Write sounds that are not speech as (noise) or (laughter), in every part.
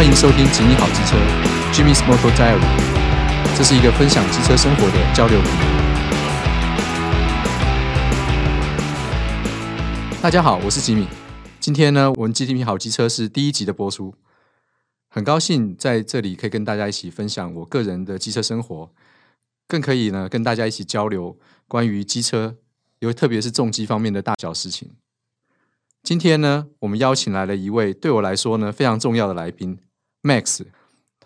歡迎收聽《吉米好機車》，Jimmy's Moto Diary。這是一個分享機車生活的交流頻道。大家好，我是吉米。今天呢，我們《吉米好機車》是第一集的播出，很高興在這裡可以跟大家一起分享我個人的機車生活，更可以呢跟大家一起交流關於機車，尤特別是重機方面的大小事情。今天呢，我們邀請來了一位對我來說呢非常重要的來賓。Max，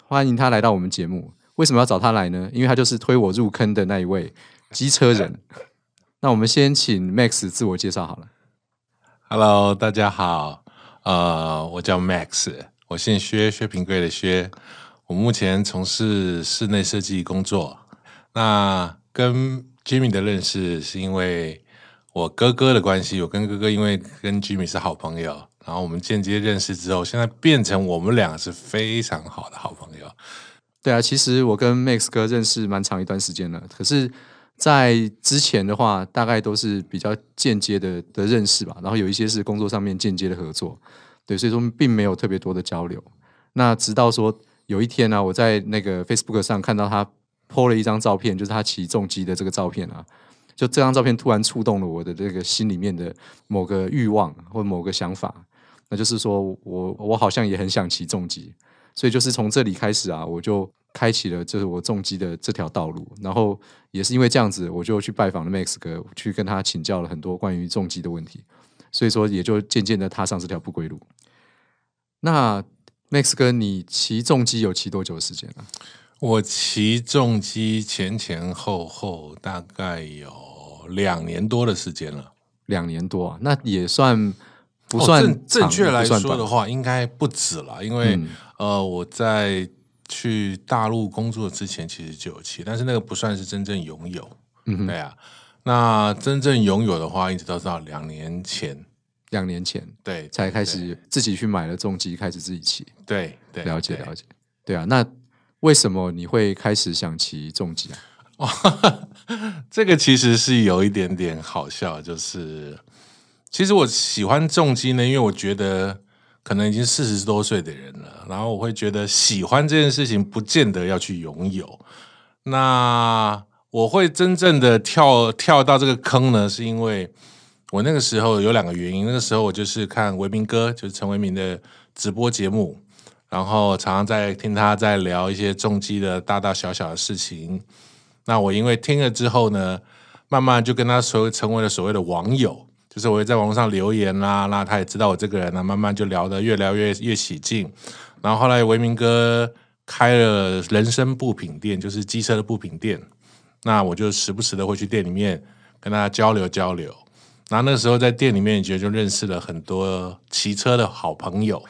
歡迎他來到我們節目。為什麼要找他來呢？因為他就是推我入坑的那一位機車人。那我們先請 Max 自我介紹好了。Hello，大家好。呃，我叫 Max，我姓薛，薛平貴的薛。我目前從事室內設計工作。那跟 Jimmy 的認識是因為我哥哥的關係。我跟哥哥因為跟 Jimmy 是好朋友。然後我們間接認識之後，現在變成我們兩個是非常好的好朋友。對啊，其實我跟 Max 哥認識蠻長一段時間了，可是，在之前的話，大概都是比較間接的的認識吧。然後有一些是工作上面間接的合作，對，所以說並沒有特別多的交流。那直到說有一天呢、啊，我在那個 Facebook 上看到他 po 了一張照片，就是他騎重機的這個照片啊。就這張照片突然觸動了我的這個心裡面的某個欲望或者某個想法。那就是說我我好像也很想騎重機，所以就是從這裡開始啊，我就開啟了就是我重機的這條道路。然後也是因為這樣子，我就去拜訪了 Max 哥，去跟他請教了很多關於重機的問題。所以說，也就漸漸的踏上這條不歸路。那 Max 哥，你騎重機有騎多久的時間了啊？我騎重機前前後後大概有兩年多的時間了。兩年多啊，那也算。不算哦，正正確來說的話，應該不止了，因為、嗯、呃，我在去大陸工作之前，其實就有騎，但是那個不算是真正擁有，嗯。對啊。那真正擁有的話，一直到到兩年前。兩年前，對，對，對，才開始自己去買了重機，開始自己騎。對，對對，了解了解。對啊，那為什麼你會開始想騎重機啊？ (laughs) 這個其實是有一點點好笑，就是。其實我喜歡重機呢，因為我覺得可能已經四十多歲的人了，然後我會覺得喜歡這件事情不見得要去擁有。那我會真正的跳跳到這個坑呢，是因為我那個時候有兩個原因。那個時候我就是看為民哥，就是陳為民的直播節目，然後常常在聽他在聊一些重機的大大小小的事情。那我因為聽了之後呢，慢慢就跟他所謂成為了所謂的網友。就是我也在網上留言啦，啊，那他也知道我這個人呢，啊，慢慢就聊得越聊越越起勁，然後後來維明哥開了人身部品店，就是機車的部品店，那我就時不時的會去店裡面跟大家交流交流，那那時候在店裡面也覺得就認識了很多騎車的好朋友，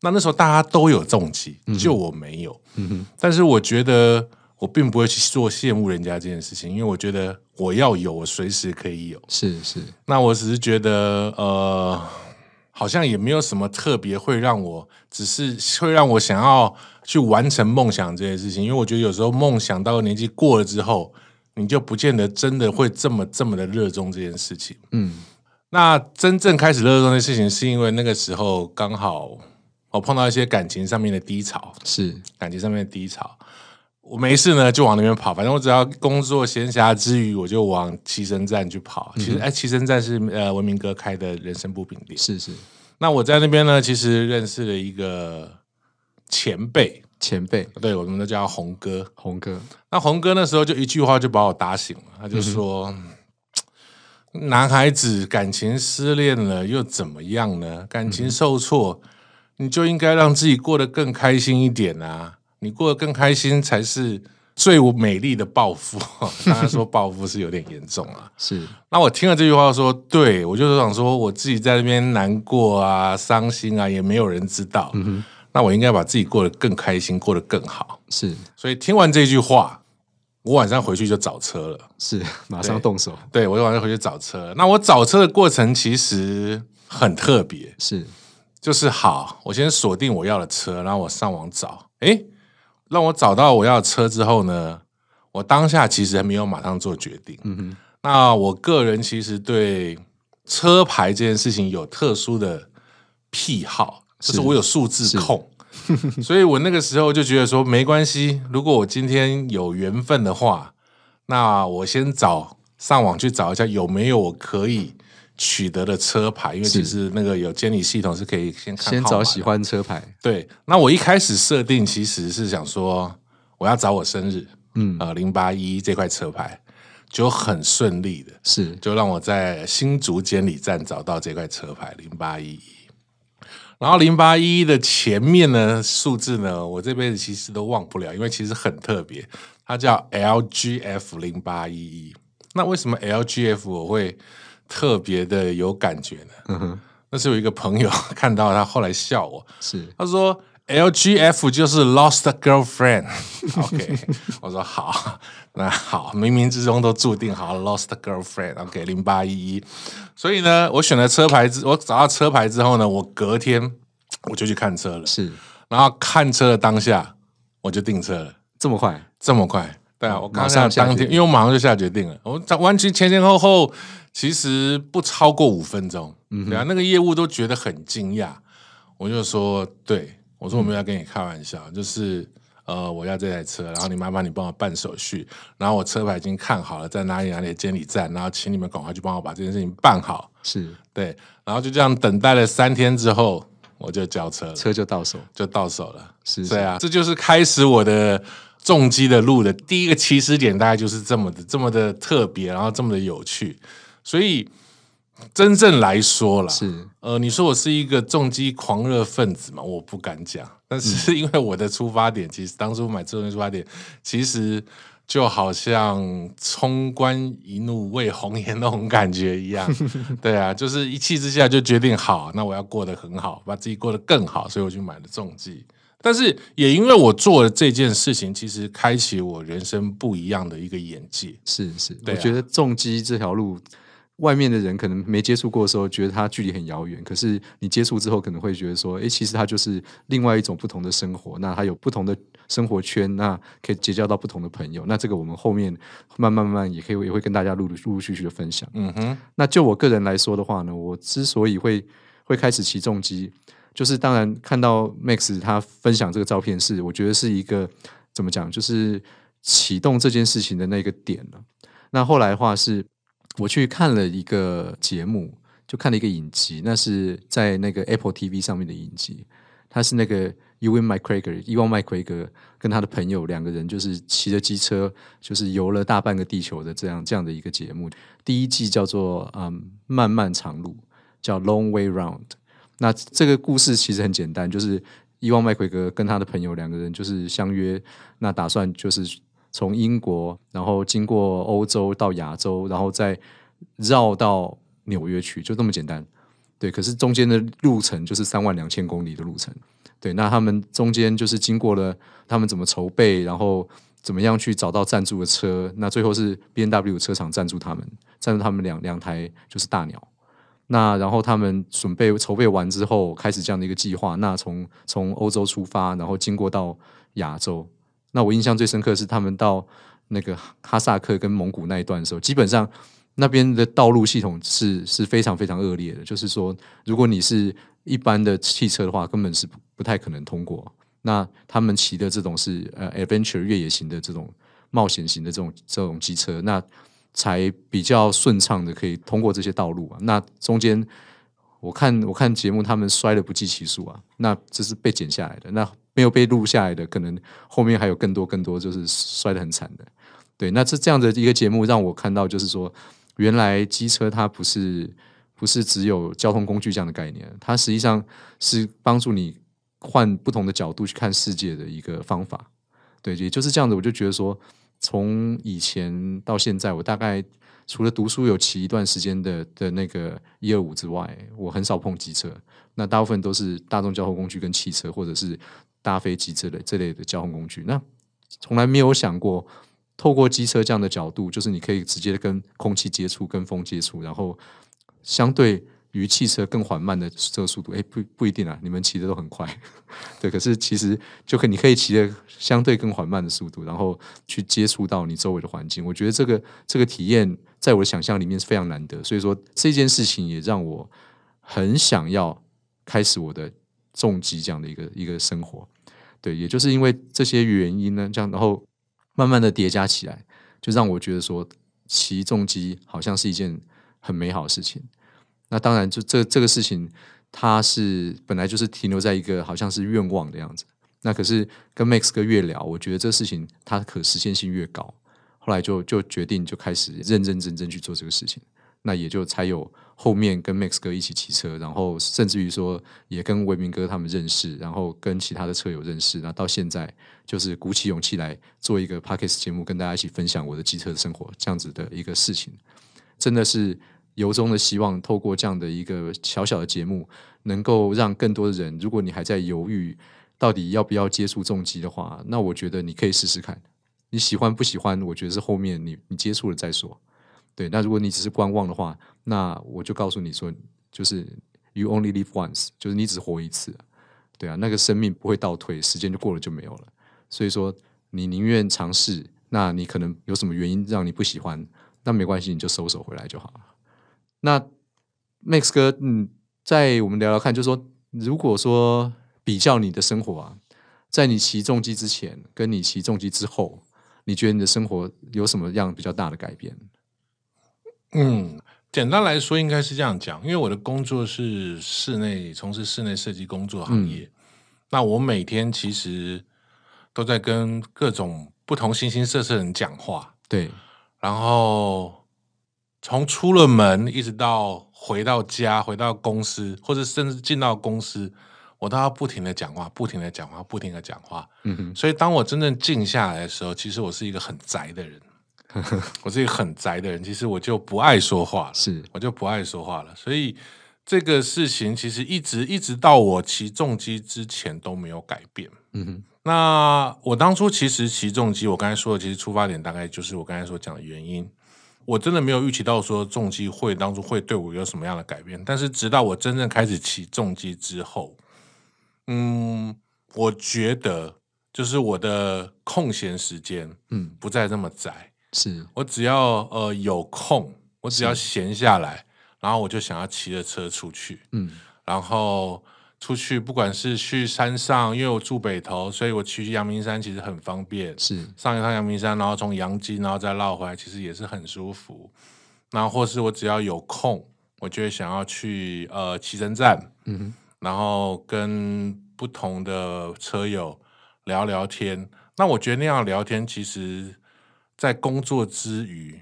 那那時候大家都有重機，就我沒有，嗯，但是我覺得。我並不會去做羨慕人家這件事情，因為我覺得我要有，我隨時可以有。是是，那我只是覺得，呃，好像也沒有什麼特別會讓我，只是會讓我想要去完成夢想這件事情。因為我覺得有時候夢想到年紀過了之後，你就不見得真的會這麼這麼的熱衷這件事情。嗯，那真正開始熱衷的事情，是因為那個時候剛好我碰到一些感情上面的低潮，是感情上面的低潮。我沒事呢，就往那邊跑。反正我只要工作閒暇之餘，我就往奇生站去跑。其實，嗯、哎，奇生站是呃文明哥開的人生補品店。是是。那我在那邊呢，其實認識了一個前輩。前輩，對我們都叫洪哥。洪哥。那洪哥那時候就一句話就把我打醒了。他就說：“嗯、男孩子感情失戀了又怎麼樣呢？感情受挫、嗯，你就應該讓自己過得更開心一點啊。”你過得更開心才是最美麗的報復啊！ (laughs) 當然說報復是有點嚴重啊。是，那我聽了這句話說，對我就是想說，我自己在那邊難過啊、傷心啊，也沒有人知道。嗯哼，那我應該把自己過得更開心，過得更好。是，所以聽完這句話，我晚上回去就找車了。是，馬上動手。對，對我就晚上回去找車了。那我找車的過程其實很特別，是，就是好，我先鎖定我要的車，然後我上網找。哎、欸。讓我找到我要的車之後呢，我當下其實還沒有馬上做決定。嗯哼。那我個人其實對車牌這件事情有特殊的癖好，就是我有數字控， (laughs) 所以我那個時候就覺得說沒關係，如果我今天有緣分的話，那我先找，上網去找一下有沒有我可以。取得的車牌，因為其實那個有監理系統是可以先看看。先找喜歡車牌。對，那我一開始設定其實是想說，我要找我生日，嗯，呃，零八一一這塊車牌，就很順利的，是就讓我在新竹監理站找到這塊車牌零八一一。然後零八一一的前面呢數字呢，我這輩子其實都忘不了，因為其實很特別，它叫 LGF 零八一一。那為什麼 LGF 我會？特別的有感覺呢。嗯哼，那是有一個朋友看到他後來笑我，是他說 LGF 就是 Lost Girlfriend。OK， (laughs) 我說好，那好，冥冥之中都注定好 Lost Girlfriend。OK，零八一一，所以呢，我選了車牌之，我找到車牌之後呢，我隔天我就去看車了。是，然後看車的當下我就訂車了，這麼快，這麼快。對啊，我馬上當天、嗯上，因為我馬上就下決定了。我完全前前後後其實不超過五分鐘、嗯。對啊，那個業務都覺得很驚訝。我就說，對我說我沒有，要跟你開玩笑，嗯、就是呃，我要這台車，然後你麻煩你幫我辦手續，然後我車牌已經看好了，在哪裡哪裡的監理站，然後請你們趕快去幫我把這件事情辦好。是對，然後就這樣等待了三天之後，我就交車了，車就到手，就到手了。是，是，是，對啊，這就是開始我的。重機的路的第一個起始點，大概就是這麼的，這麼的特別，然後這麼的有趣。所以，真正來說了，是呃，你說我是一個重機狂熱分子嘛？我不敢講，但是因為我的出發點，嗯，其實當初買重機出發點，其實就好像“衝冠一怒為紅顏”那種感覺一樣。 (laughs) 對啊，就是一氣之下就決定好，那我要過得很好，把自己過得更好，所以我就買了重機。但是也因為我做了這件事情，其實開啟我人生不一樣的一個眼界。是是，對啊。我覺得重機這條路，外面的人可能沒接觸過的時候，覺得它距離很遙遠。可是你接觸之後，可能會覺得說，哎、欸，其實它就是另外一種不同的生活。那它有不同的生活圈，那可以結交到不同的朋友。那這個我們後面慢慢慢慢也可以也會跟大家陸陸陸續續的分享。嗯哼，那就我個人來說的話呢，我之所以會會開始騎重機，就是當然看到 Max 他分享這個照片是，我覺得是一個怎麼講？就是啟動這件事情的那個點了。那後來的話是，我去看了一個節目，就看了一個影集，那是在那個 Apple TV 上面的影集。他是那個 Ewan McGregor，Ewan 麥奎格跟他的朋友兩個人，就是騎着機車，就是遊了大半個地球的這樣這樣的一個節目。第一季叫做嗯，漫漫長路，叫 Long Way Round。那這個故事其實很簡單，就是伊旺麥奎格跟他的朋友兩個人就是相約，那打算就是從英國，然後經過歐洲到亞洲，然後再繞到紐約去，就這麼簡單。對，可是中間的路程就是三萬兩千公里的路程。對，那他們中間就是經過了他們怎麼籌備，然後怎麼樣去找到贊助的車，那最後是 BMW 車廠贊助他們，贊助他們兩兩台就是大鳥。那然後他們準備籌備完之後，開始這樣的一個計劃。那從從歐洲出發，然後經過到亞洲。那我印象最深刻的是他們到那個哈薩克跟蒙古那一段的時候，基本上那邊的道路系統是是非常非常惡劣的。就是說，如果你是一般的汽車的話，根本是不太可能通過。那他們騎的這種是呃，adventure 越野型的這種冒險型的這種這種機車。那才比較順暢的可以通過這些道路啊。那中間，我看我看節目，他們摔得不計其數啊。那這是被剪下來的，那沒有被錄下來的，可能後面還有更多更多，就是摔得很慘的。對，那這這樣的一個節目，讓我看到就是說，原來機車它不是不是只有交通工具這樣的概念，它實際上是幫助你換不同的角度去看世界的一個方法。對，也就是這樣子，我就覺得說。從以前到現在，我大概除了讀書有騎一段時間的的那個一二五之外，我很少碰機車。那大部分都是大眾交通工具跟汽車，或者是搭飛機這類這類的交通工具。那從來沒有想過透過機車這樣的角度，就是你可以直接跟空氣接觸，跟風接觸，然後相對。與汽車更緩慢的這個速度，哎，不不一定啊。你們騎的都很快， (laughs) 對。可是其實就可你可以騎的相對更緩慢的速度，然後去接觸到你周圍的環境。我覺得這個這個體驗，在我的想象裡面是非常難得。所以說這件事情也讓我很想要開始我的重機這樣的一個一個生活。對，也就是因為這些原因呢，這樣然後慢慢的疊加起來，就讓我覺得說騎重機好像是一件很美好的事情。那當然，就這這個事情，它是本來就是停留在一個好像是願望的樣子。那可是跟 Max 哥越聊，我覺得這事情它可實現性越高，後來就就決定就開始認認真真去做這個事情。那也就才有後面跟 Max 哥一起騎車，然後甚至於說也跟維明哥他們認識，然後跟其他的車友認識。那到現在就是鼓起勇氣來做一個 Podcast 節目，跟大家一起分享我的騎車的生活這樣子的一個事情，真的是。由衷的希望，透過這樣的一個小小的節目，能夠讓更多的人，如果你還在猶豫到底要不要接觸重機的話，那我覺得你可以試試看，你喜歡不喜歡，我覺得是後面你你接觸了再說。對，那如果你只是觀望的話，那我就告訴你說，就是 you only live once，就是你只活一次，對啊，那個生命不會倒退，時間就過了就沒有了。所以說，你寧願嘗試，那你可能有什麼原因讓你不喜歡，那沒關係，你就收手回來就好那 Max 哥，嗯，在我們聊聊看，就是說，如果說比較你的生活啊，在你騎重機之前，跟你騎重機之後，你覺得你的生活有什麼樣比較大的改變？嗯，簡單來說，應該是這樣講，因為我的工作是室內，從事室內設計工作行業，嗯、那我每天其實都在跟各種不同形形色色的人講話，對，然後。從出了門一直到回到家，回到公司，或者甚至進到公司，我都要不停的講話，不停的講話，不停的講話。嗯哼，所以當我真正靜下來的時候，其實我是一個很宅的人， (laughs) 我是一個很宅的人。其實我就不愛說話了，是我就不愛說話了。所以這個事情其實一直一直到我騎重機之前都沒有改變。嗯哼，那我當初其實騎重機，我剛才說的，其實出發點大概就是我剛才所講的原因。我真的沒有預期到說重機會當初會對我有什麼樣的改變，但是直到我真正開始騎重機之後，嗯，我覺得就是我的空閒時間，嗯，不再那麼窄，嗯、是我只要呃有空，我只要閒下來，然後我就想要騎着車出去，嗯，然後。出去不管是去山上，因為我住北投，所以我去陽明山其實很方便。是，上一趟陽明山，然後從陽金，然後再繞回來，其實也是很舒服。然後或是我只要有空，我就會想要去呃騎車站，嗯，然後跟不同的車友聊聊天。那我覺得那樣的聊天，其實在工作之餘，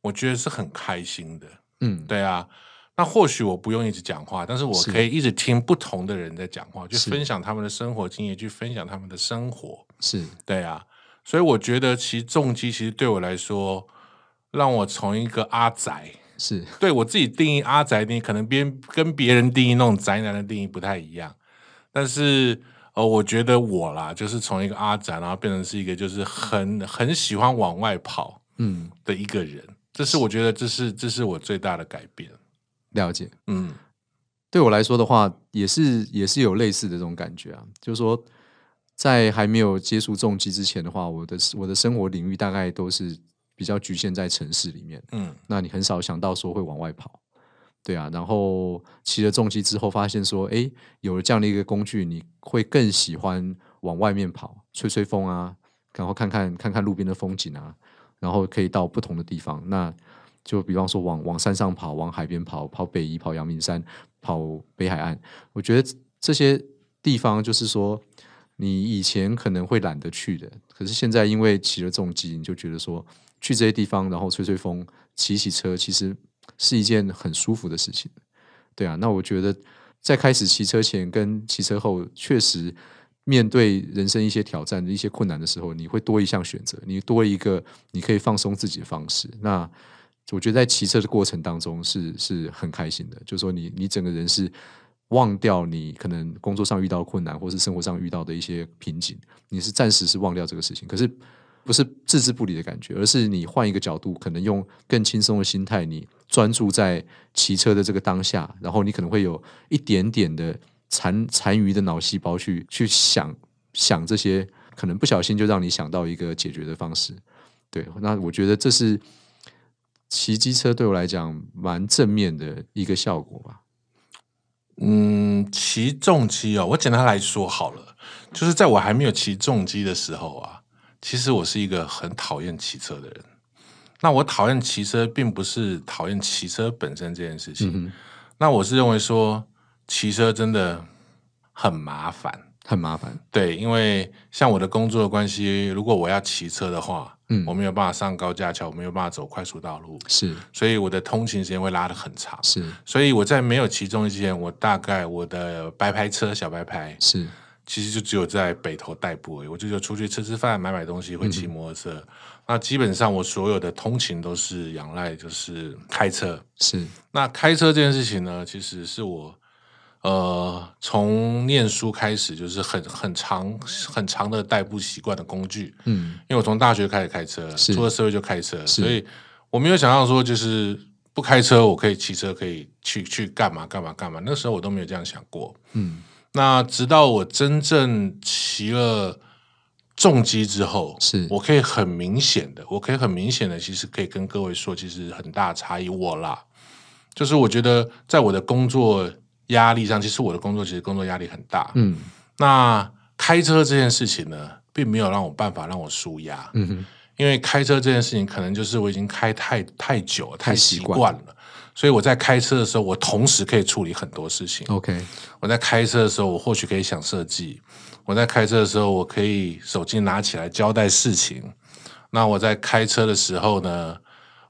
我覺得是很開心的。嗯，對啊。那或許我不用一直講話，但是我可以一直聽不同的人在講話，去分享他們的生活經驗，去分享他們的生活，是對啊。所以我覺得，其實重機其實對我來說，讓我從一個阿宅是對我自己定義阿宅定義，你可能邊跟別人定義那種宅男的定義不太一樣，但是呃，我覺得我啦，就是從一個阿宅，然後變成是一個就是很很喜歡往外跑，嗯的一個人、嗯。這是我覺得，這是,是這是我最大的改變。了解，嗯，對我來說的話，也是也是有類似的這種感覺啊。就是說，在還沒有接觸重機之前的話，我的我的生活領域大概都是比較局限在城市裡面，嗯，那你很少想到說會往外跑，對啊。然後騎了重機之後，發現說，誒、欸，有了這樣的一個工具，你會更喜歡往外面跑，吹吹風啊，然後看看看看路邊的風景啊，然後可以到不同的地方。那就比方說往，往往山上跑，往海邊跑，跑北宜、跑陽明山，跑北海岸。我覺得這些地方，就是說，你以前可能會懶得去的，可是現在因為騎了重機，你就覺得說，去這些地方，然後吹吹風，騎騎車，其實是一件很舒服的事情。對啊，那我覺得在開始騎車前跟騎車後，確實面對人生一些挑戰、一些困難的時候，你會多一項選擇，你多一個你可以放鬆自己的方式。那我覺得在騎車的過程當中是是很開心的，就是說你你整個人是忘掉你可能工作上遇到困難，或是生活上遇到的一些瓶頸，你是暫時是忘掉這個事情，可是不是置之不理的感覺，而是你換一個角度，可能用更輕鬆的心態，你專注在騎車的這個當下，然後你可能會有一點點的殘殘餘的腦細胞去去想想這些，可能不小心就讓你想到一個解決的方式。對，那我覺得這是。騎機車對我來講蠻正面的一個效果吧。嗯，騎重機哦，我簡單來說好了，就是在我還沒有騎重機的時候啊，其實我是一個很討厭騎車的人。那我討厭騎車，並不是討厭騎車本身這件事情。嗯。那我是認為說，騎車真的很麻煩。很麻煩，對，因為像我的工作的關係，如果我要騎車的話，嗯，我沒有辦法上高架橋，我沒有辦法走快速道路，是，所以我的通勤時間會拉得很長，是，所以我在沒有其中之前，我大概我的白牌車小白牌是，其實就只有在北投代步而已，我就就出去吃吃飯、買買東西，會騎摩托車、嗯，那基本上我所有的通勤都是仰賴就是開車，是，那開車這件事情呢，其實是我。呃，從念書開始就是很很長很長的代步習慣的工具，嗯，因為我從大學開始開車，出了社會就開車，所以我沒有想到說就是不開車，我可以騎車，可以去去幹嘛幹嘛幹嘛。那時候我都沒有這樣想過，嗯。那直到我真正騎了重機之後，我可以很明顯的，我可以很明顯的，其實可以跟各位說，其實很大差異。我啦，就是我覺得在我的工作。壓力上，其實我的工作其實工作壓力很大。嗯，那開車這件事情呢，並沒有讓我辦法讓我舒壓。嗯哼，因為開車這件事情，可能就是我已經開太太久了，太了，太習慣了。所以我在開車的時候，我同時可以處理很多事情。OK，我在開車的時候，我或許可以想設計；我在開車的時候，我可以手機拿起來交代事情。那我在開車的時候呢？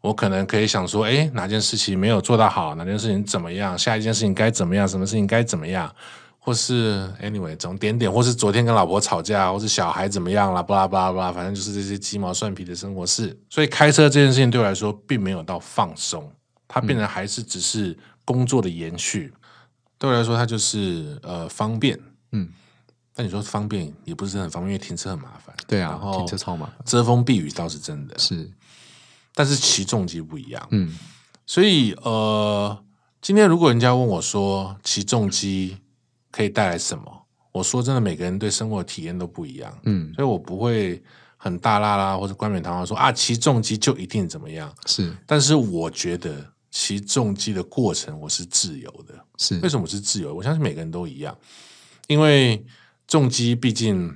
我可能可以想說，哎，哪件事情沒有做到好？哪件事情怎麼樣？下一件事情該怎麼樣？什麼事情該怎麼樣？或是 anyway，總點點，或是昨天跟老婆吵架，或是小孩怎麼樣啦，巴拉巴拉巴拉，反正就是這些雞毛蒜皮的生活事。所以開車這件事情對我來說，並沒有到放鬆，它變得還是只是工作的延續。嗯、對我來說，它就是呃方便，嗯。但你說方便，也不是很方便，因為停車很麻煩。對啊，然後停車超麻煩。遮風避雨倒是真的是。但是騎重機不一樣，嗯，所以呃，今天如果人家問我說，騎重機可以帶來什麼，我說真的，每個人對生活的體驗都不一樣，嗯，所以我不會很大喇喇或者冠冕堂皇說啊，騎重機就一定怎麼樣，是，但是我覺得騎重機的過程我是自由的。是為什麼是自由？我相信每個人都一樣，因為重機畢竟，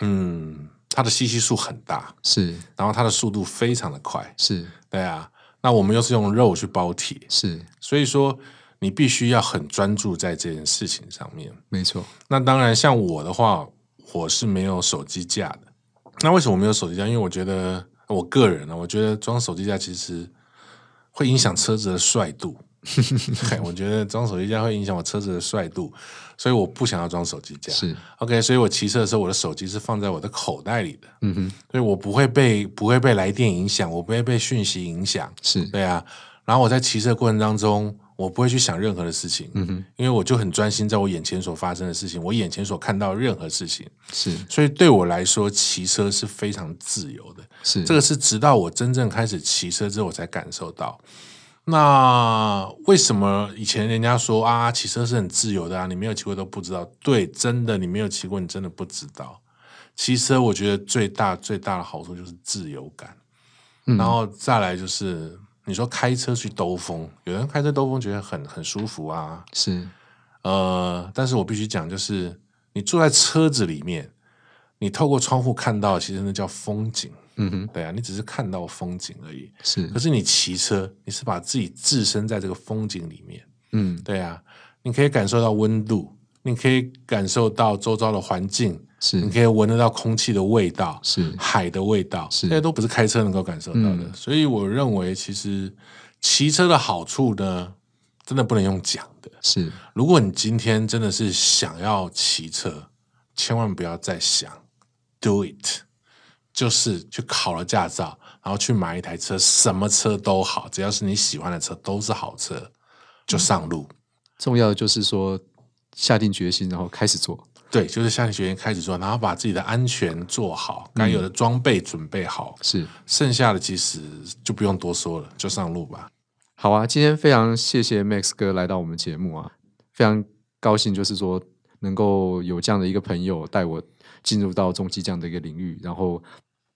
嗯。它的 CC 數很大，是，然後它的速度非常的快，是對啊。那我們又是用肉去包鐵，是，所以說你必須要很專注在這件事情上面，沒錯。那當然，像我的話，我是沒有手機架的。那為什麼我沒有手機架？因為我覺得我個人呢、啊，我覺得裝手機架其實會影響車子的帥度。 (laughs) 我覺得裝手機架會影響我車子的帥度，所以我不想要裝手機架。是 OK，所以我騎車的時候，我的手機是放在我的口袋裡的。嗯哼，所以我不會被不會被來電影響，我不會被訊息影響。是對啊，然後我在騎車過程當中，我不會去想任何的事情。嗯哼，因為我就很專心在我眼前所發生的事情，我眼前所看到任何事情。是，所以對我來說，騎車是非常自由的。是，這個是直到我真正開始騎車之後，我才感受到。那為什麼以前人家說啊，騎車是很自由的啊？你沒有騎過都不知道。對，真的，你沒有騎過，你真的不知道。騎車我覺得最大最大的好處就是自由感，嗯、然後再來就是你說開車去兜風，有人開車兜風覺得很很舒服啊。是，呃，但是我必須講，就是你坐在車子裡面，你透過窗戶看到，其實那叫風景。嗯哼，對啊，你只是看到風景而已。是，可是你騎車，你是把自己置身在這個風景裡面。嗯，對啊，你可以感受到溫度，你可以感受到周遭的環境，是，你可以聞得到空氣的味道，是，海的味道，是，這些都不是開車能夠感受到的。嗯，所以，我認為其實騎車的好處呢，真的不能用講的。是，如果你今天真的是想要騎車，千萬不要再想，do it。就是去考了駕照，然後去買一台車，什麼車都好，只要是你喜歡的車都是好車，就上路。嗯，重要的就是說下定決心，然後開始做。對，就是下定決心開始做，然後把自己的安全做好，該有的裝備準備好。是，嗯，剩下的其實就不用多說了，就上路吧。好啊，今天非常謝謝 Max 哥來到我們節目啊，非常高興，就是說能夠有這樣的一個朋友帶我進入到重機這樣的一個領域，然後。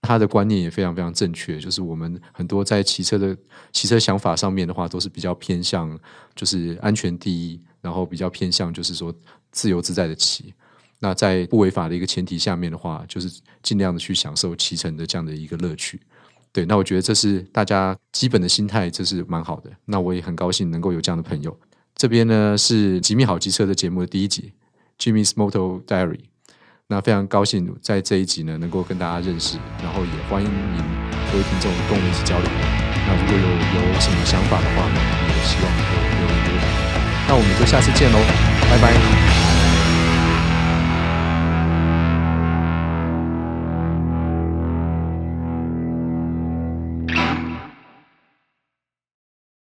他的觀念也非常非常正確，就是我們很多在騎車的騎車想法上面的話，都是比較偏向就是安全第一，然後比較偏向就是說自由自在的騎。那在不違法的一個前提下面的話，就是盡量的去享受騎乘的這樣的一個樂趣。對，那我覺得這是大家基本的心態，這是蠻好的。那我也很高興能夠有這樣的朋友。這邊呢是吉米好機車的節目的第一集，Jimmy's Moto Diary。那非常高興在這一集呢能夠跟大家認識，然後也歡迎您各位聽眾跟我們一起交流。那如果有有什麼想法的話呢，也希望你可以留言。那我們就下次見嘍，拜拜。